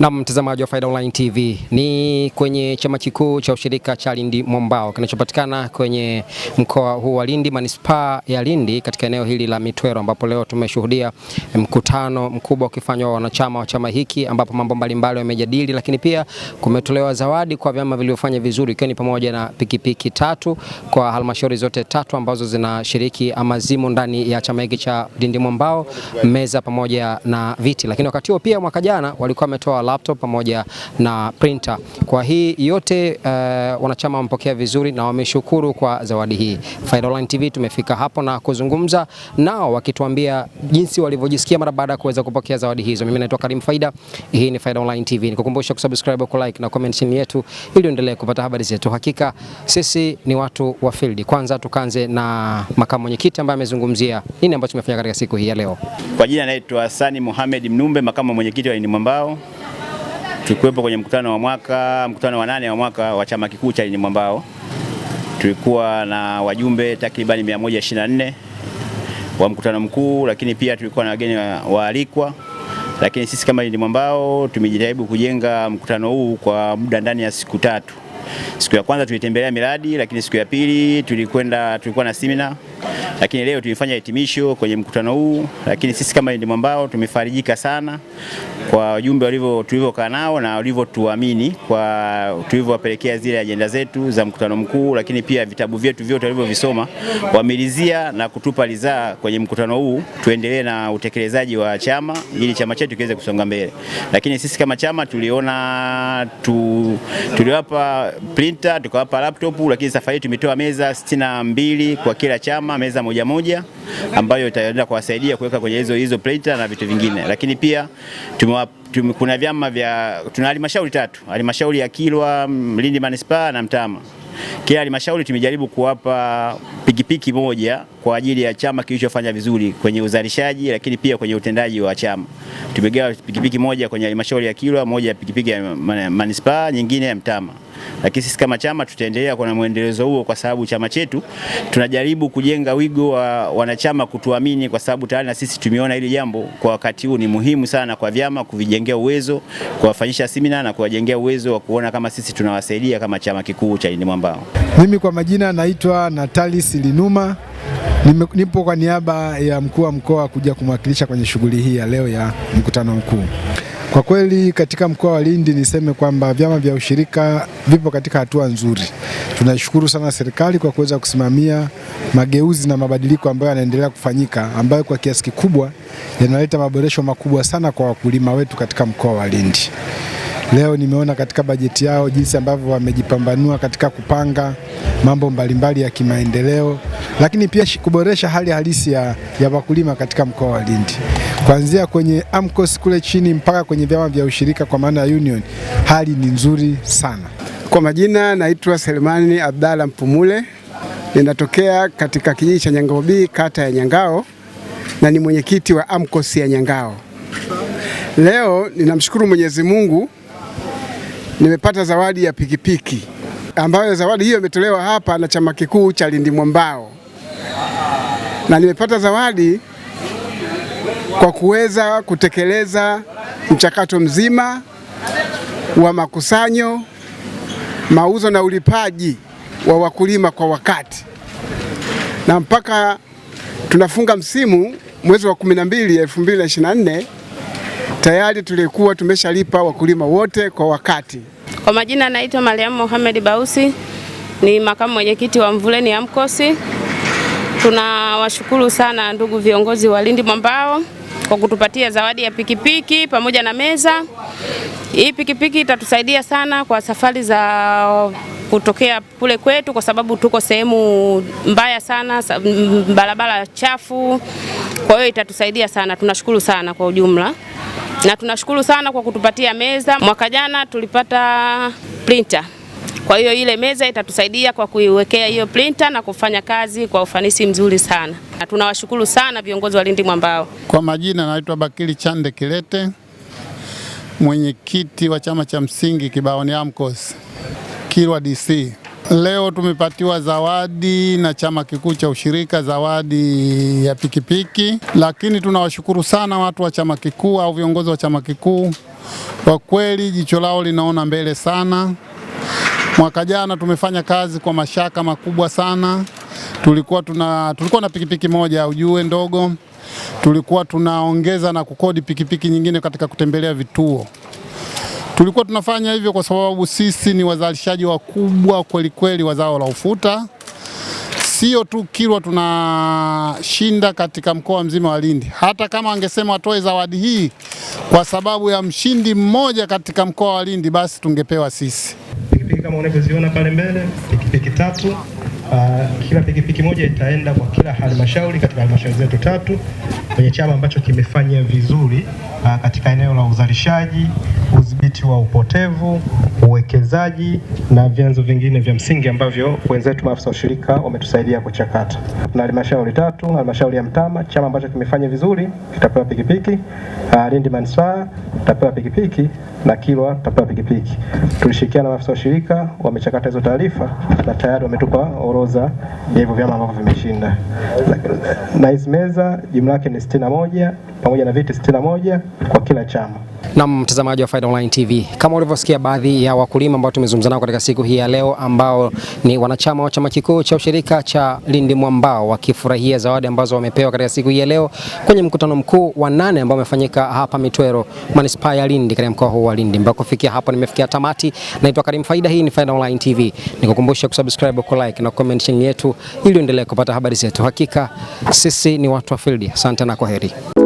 Na mtazamaji wa Faida Online TV ni kwenye chama kikuu cha ushirika cha Lindi Mwambao kinachopatikana kwenye mkoa huu wa Lindi, manispaa ya Lindi, katika eneo hili la Mitwero, ambapo leo tumeshuhudia mkutano mkubwa ukifanywa wanachama wa chama hiki, ambapo mambo mbalimbali wamejadili, lakini pia kumetolewa zawadi kwa vyama vilivyofanya vizuri, ikiwa ni pamoja na pikipiki tatu kwa halmashauri zote tatu ambazo zinashiriki ama zimo ndani ya chama hiki cha Lindi Mwambao, meza pamoja na viti. Lakini wakati huo pia mwaka jana walikuwa wametoa laptop pamoja na printer. Kwa hii yote uh, wanachama wamepokea vizuri na wameshukuru kwa zawadi hii. Faida Online TV tumefika hapo na kuzungumza nao wakituambia jinsi walivyojisikia mara baada ya kuweza kupokea zawadi hizo. Mimi naitwa Karim Faida, hii ni Faida Online TV. Nikukumbusha kusubscribe, ku like na comment chini yetu ili uendelee kupata habari zetu. Hakika sisi ni watu wa field. Kwanza tukaanze na makamu mwenyekiti ambaye amezungumzia nini ambacho tumefanya katika siku hii ya leo. Kwa jina naitwa Sani Mohamed Mnumbe, makamu mwenyekiti wa Indimwambao. Tulikuwepo kwenye mkutano wa mwaka, mkutano wa nane wa mwaka wa chama kikuu cha Yenye Mwambao. Tulikuwa na wajumbe takribani 124 wa mkutano mkuu, lakini pia tulikuwa na wageni waalikwa. Lakini sisi kama Yenye Mwambao tumejitahidi kujenga mkutano huu kwa muda ndani ya siku tatu. Siku ya kwanza tulitembelea miradi, lakini siku ya pili tulikwenda, tulikuwa na seminar lakini leo tumefanya hitimisho kwenye mkutano huu, lakini sisi kama Lindi Mwambao tumefarijika sana kwa wajumbe walivyo tulivyokaa nao na walivyotuamini kwa tulivyowapelekea zile ajenda zetu za mkutano mkuu, lakini pia vitabu vyetu vyote walivyovisoma wamilizia na kutupa ridhaa kwenye mkutano huu, tuendelee na utekelezaji wa chama ili chama chetu kiweze kusonga mbele. Lakini sisi kama chama tuliona tu, tuliwapa printer tukawapa laptop, lakini safari hii tumetoa meza sitini na mbili kwa kila chama meza moja moja ambayo itaenda kuwasaidia kuweka kwenye hizo hizo pleta na vitu vingine, lakini pia tumewa kuna vyama vya tuna halmashauri tatu, halmashauri ya Kilwa, Lindi manispaa na Mtama. Kila halmashauri tumejaribu kuwapa pikipiki moja kwa ajili ya chama kilichofanya vizuri kwenye uzalishaji, lakini pia kwenye utendaji wa chama. Tumegawa pikipiki moja kwenye halmashauri ya Kilwa, moja ya pikipiki ya manispaa, nyingine ya Mtama. Lakini sisi kama chama tutaendelea kwa mwendelezo huo, kwa sababu chama chetu tunajaribu kujenga wigo wa wanachama kutuamini, kwa sababu tayari na sisi tumeona hili jambo kwa wakati huu ni muhimu sana kwa vyama kuvijengea uwezo, kuwafanyisha simina na kuwajengea uwezo wa kuona kama sisi tunawasaidia kama chama kikuu cha Mwambao. Mimi kwa majina naitwa Natalis Linuma. Nipo kwa niaba ya mkuu wa mkoa kuja kumwakilisha kwenye shughuli hii ya leo ya mkutano mkuu. Kwa kweli katika mkoa wa Lindi niseme kwamba vyama vya ushirika vipo katika hatua nzuri. Tunashukuru sana serikali kwa kuweza kusimamia mageuzi na mabadiliko ambayo yanaendelea kufanyika, ambayo kwa kiasi kikubwa yanaleta maboresho makubwa sana kwa wakulima wetu katika mkoa wa Lindi. Leo nimeona katika bajeti yao jinsi ambavyo wamejipambanua katika kupanga mambo mbalimbali ya kimaendeleo, lakini pia kuboresha hali halisi ya, ya wakulima katika mkoa wa Lindi kuanzia kwenye AMCOS kule chini mpaka kwenye vyama vya ushirika kwa maana ya union, hali ni nzuri sana. Kwa majina naitwa Selemani Abdalla Mpumule, ninatokea katika kijiji cha Nyangao B kata ya Nyangao na ni mwenyekiti wa AMCOS ya Nyangao. Leo ninamshukuru Mwenyezi Mungu nimepata zawadi ya pikipiki ambayo zawadi hiyo imetolewa hapa na chama kikuu cha Lindi Mwambao, na nimepata zawadi kwa kuweza kutekeleza mchakato mzima wa makusanyo, mauzo na ulipaji wa wakulima kwa wakati, na mpaka tunafunga msimu mwezi wa 12 2024 tayari tulikuwa tumeshalipa wakulima wote kwa wakati. Kwa majina naitwa Mariamu Mohamed Bausi, ni makamu mwenyekiti wa Mvuleni AMCOS. Tunawashukuru sana ndugu viongozi wa Lindi Mwambao kwa kutupatia zawadi ya pikipiki pamoja na meza. Hii pikipiki itatusaidia sana kwa safari za kutokea kule kwetu, kwa sababu tuko sehemu mbaya sana, barabara chafu. Kwa hiyo itatusaidia sana, tunashukuru sana kwa ujumla na tunashukuru sana kwa kutupatia meza. Mwaka jana tulipata printer, kwa hiyo ile meza itatusaidia kwa kuiwekea hiyo printer na kufanya kazi kwa ufanisi mzuri sana, na tunawashukuru sana viongozi wa Lindi Mwambao. Kwa majina naitwa Bakili Chande Kilete, mwenyekiti wa chama cha msingi Kibaoni AMCOS Kilwa DC tumepatiwa zawadi na chama kikuu cha ushirika, zawadi ya pikipiki. Lakini tunawashukuru sana watu wa chama kikuu au viongozi wa chama kikuu, kwa kweli jicho lao linaona mbele sana. Mwaka jana tumefanya kazi kwa mashaka makubwa sana, tulikuwa tuna tulikuwa na pikipiki moja ujue, ndogo tulikuwa tunaongeza na kukodi pikipiki nyingine katika kutembelea vituo Tulikuwa tunafanya hivyo kwa sababu sisi ni wazalishaji wakubwa kweli kweli wa zao la ufuta. Sio tu Kilwa tunashinda katika mkoa mzima wa Lindi. Hata kama wangesema watoe zawadi hii kwa sababu ya mshindi mmoja katika mkoa wa Lindi, basi tungepewa sisi. Pikipiki kama unavyoziona pale mbele, pikipiki tatu. Uh, kila pikipiki moja itaenda kwa kila halmashauri katika halmashauri zetu tatu kwenye chama ambacho kimefanya vizuri uh, katika eneo la uzalishaji udhibiti wa upotevu, uwekezaji na vyanzo vingine vya msingi ambavyo wenzetu maafisa ushirika wametusaidia kuchakata. Na halmashauri tatu, halmashauri ya Mtama, chama ambacho kimefanya vizuri kitapewa pikipiki. Ah, Lindi Manispaa tutapewa pikipiki na Kilwa tutapewa pikipiki. Tulishirikiana na maafisa ushirika wamechakata hizo taarifa na tayari wametupa orodha ya hivyo vyama ambavyo vimeshinda. Na hizi meza jumla yake ni sitini na moja pamoja na viti sitini na moja kwa kila chama. Na mtazamaji wa Faida Online TV, kama ulivyosikia baadhi ya wakulima ambao tumezungumza nao katika siku hii ya leo, ambao ni wanachama wa chama kikuu cha ushirika cha Lindi Mwambao, wakifurahia zawadi ambazo wamepewa katika siku hii ya leo kwenye mkutano mkuu wa nane ambao umefanyika hapa Mitwero, manispaa ya Lindi, katika mkoa huu wa Lindi. Mpaka kufikia hapo nimefikia tamati. Naitwa Karim Faida, hii ni Faida Online TV. Nikukumbusha kusubscribe, ku like na comment yetu ili uendelee kupata habari zetu. Hakika sisi ni watu wa field. Asante na kwaheri.